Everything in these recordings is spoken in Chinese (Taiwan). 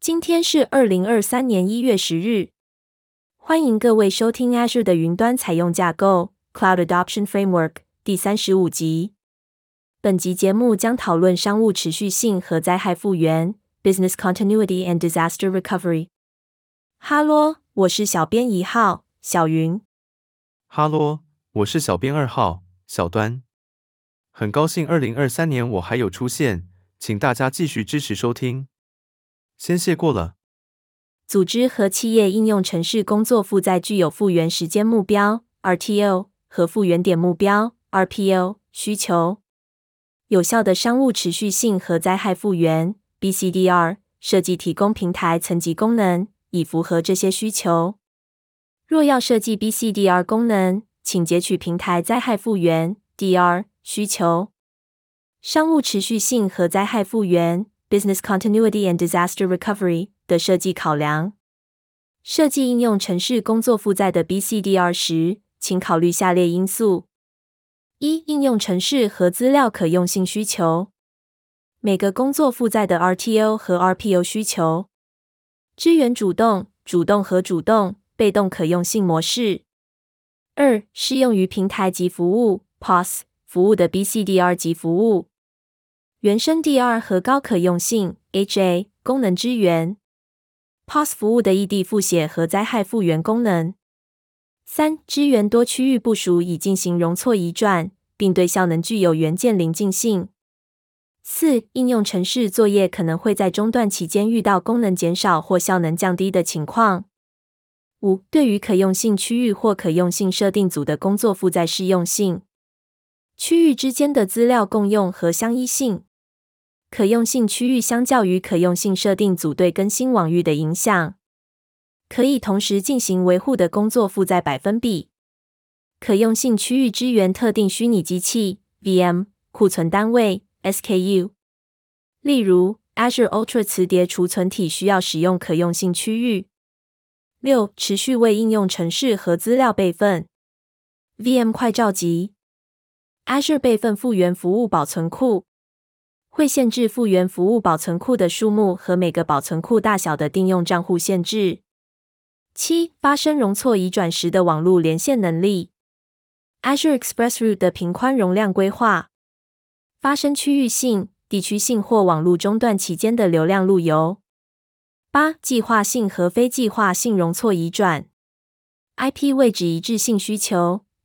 今天是二零二三年一月十日，歡迎各位收聽 Azure 的雲端採用架構 Cloud Adoption Framework 第三十五集。本集節目將討論商務持續性和災害復原 Business Continuity and Disaster Recovery。哈嘍，我是小編一號小雲。哈嘍，我是小編二號小端。很高興二零二三年我還有出現，請大家繼續支持收聽。先謝過了。組織和企業應用程式工作負載具有復原時間目標 （RTO） 和復原點目標 （RPO） 需求。有效的商務持續性和災害復原 （BCDR） 設計提供平台層級功能，以符合這些需求。若要設計 BCDR 功能，請截取平台災害復原 （DR） 需求、商務持續性和災害復原。Business continuity and disaster recovery 的設計考量。設計應用程式工作負載的 BCDR 時，請考慮下列因素：一、應用程式和資料可用性需求；每個工作負載的 RTO 和 RPO 需求；支援主動、主動和主動被動可用性模式。二、適用於平台即服務 （PaaS） 服務的 BCDR 級服務。原生 DR 和高可用性 HA 功能支援，POS 服務的異地複寫和災害復原功能。三、支援多區域部署，以進行容錯移轉，並對效能具有元件臨近性。四、應用程式作業可能會在中斷期間遇到功能減少或效能降低的情況。五、對於可用性區域或可用性設定組的工作負載適用性，區域之間的資料共用和相依性。可用性區域相較於可用性設定組對更新網域的影響，可以同時進行維護的工作負載百分比。可用性區域支援特定虛擬機器 （VM） 庫存單位 （SKU），例如 Azure Ultra 磁碟儲存體需要使用可用性區域。六、持續為應用程式和資料備份。VM 快照集、Azure 備份復原服務保存庫。會限制復原服務保存庫的數目和每個保存庫大小的訂用賬戶限制。七、發生容錯移轉時的網絡連線能力。Azure ExpressRoute 的頻寬容量規劃。發生區域性、地區性或網絡中斷期間的流量路由。八、計劃性和非計劃性容錯移轉。IP 位置一致性需求。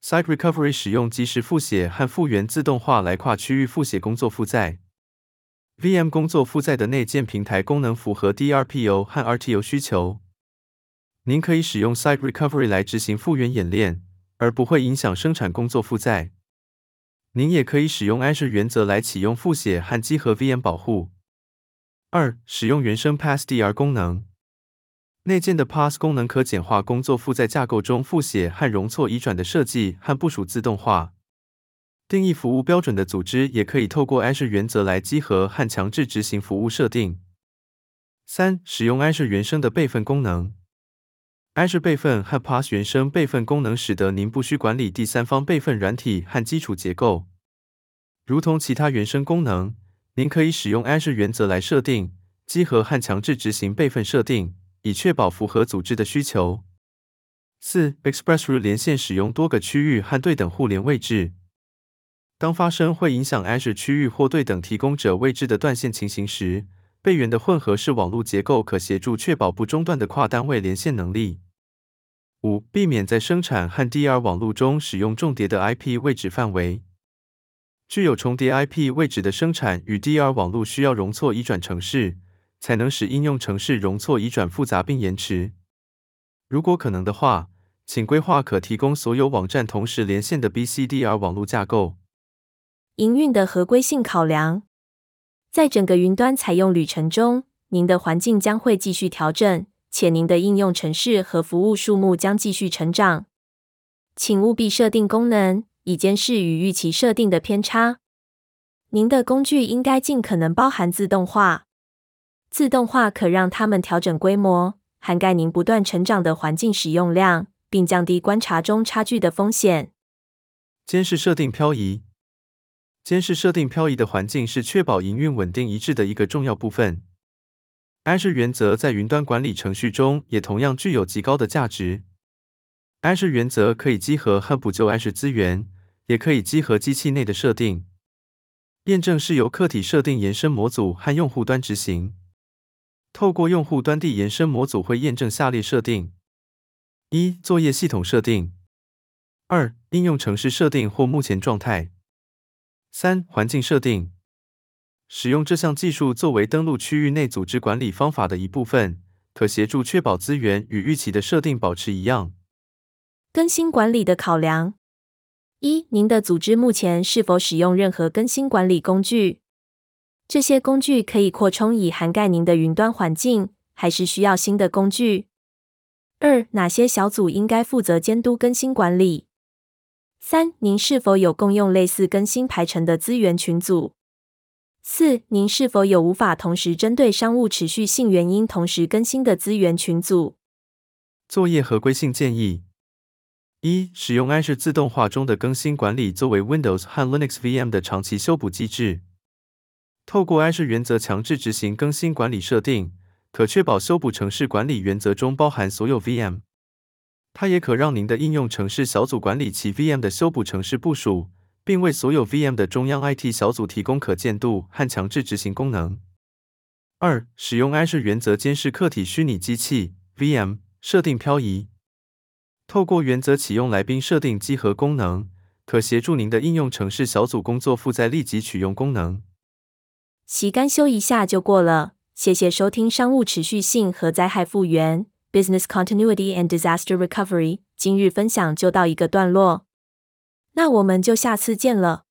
Site Recovery 使用及時複寫和復原自動化來跨區域複寫工作負載。VM 工作負載的內建平台功能符合 DRPO 和 RTO 需求。您可以使用 Site Recovery 來執行復原演練，而不會影響生產工作負載。您也可以使用 Azure 原則來啟用複寫和集合 VM 保護。二、使用原生 PaaS DR 功能。內建的 PaaS 功能可簡化工作負載架構中複寫和容錯移轉的設計和部署自動化。定義服務標準的組織也可以透過 Azure 原則來稽核和強制執行服務設定。三、使用 Azure 原生的備份功能。Azure 備份和 PaaS 原生備份功能使得您不需管理第三方備份軟體和基礎結構。如同其他原生功能，您可以使用 Azure 原則來設定、稽核和強制執行備份設定。以確保符合組織的需求。四，ExpressRoute 連線使用多個區域和對等互聯位置。當發生會影響 Azure 區域或對等提供者位置的斷線情形時，備援的混合式網絡結構可協助確保不中斷的跨單位連線能力。五，避免在生產和 DR 網絡中使用重疊的 IP 位置範圍。具有重疊 IP 位置的生產與 DR 網絡需要容錯移轉程式。才能使應用程式容錯移轉複雜並延遲。如果可能的話，請規劃可提供所有網站同時連線的 BCDR 網絡架構。營運的合規性考量。在整個雲端採用旅程中，您的環境將會繼續調整，且您的應用程式和服務數目將繼續成長。請務必設定功能以監視與預期設定的偏差。您的工具應該盡可能包含自動化。自動化可讓它們調整規模，涵蓋您不斷成長的環境使用量，並降低觀察中差距的風險。監視設定漂移。監視設定漂移的環境是確保營運穩定一致的一個重要部分。Azure 原則在雲端管理程序中也同樣具有極高的價值。Azure 原則可以集合和補救 Azure 資源，也可以集合機器內的設定。驗證是由客體設定延伸模組和用戶端執行。透過用戶端的延伸模組，會驗證下列設定：一、作業系統設定；二、應用程式設定或目前狀態；三、環境設定。使用這項技術作為登錄區域內組織管理方法的一部分，可協助確保資源與預期的設定保持一樣。更新管理的考量：一、您的組織目前是否使用任何更新管理工具？這些工具可以擴充以涵蓋您的雲端環境，還是需要新的工具？二、哪些小組應該負責監督更新管理？三、您是否有共用類似更新排程的資源群組？四、您是否有無法同時針對商務持續性原因同時更新的資源群組？作業合規性建議：一、使用 Azure 自動化中的更新管理作為 Windows 和 Linux VM 的長期修補機制。透過 Azure 原則強制執行更新管理設定，可確保修補程式管理原則中包含所有 VM。它也可讓您的應用程式小組管理其 VM 的修補程式部署，並為所有 VM 的中央 IT 小組提供可見度和強制執行功能。二、使用 Azure 原則監視客體虛擬機器 VM 設定漂移。透過原則啟用來賓設定集合功能，可協助您的應用程式小組工作負載立即取用功能。其幹修一下就過了，謝謝收聽商務持續性和災害復原 （Business Continuity and Disaster Recovery）。今日分享就到一個段落，那我們就下次見了。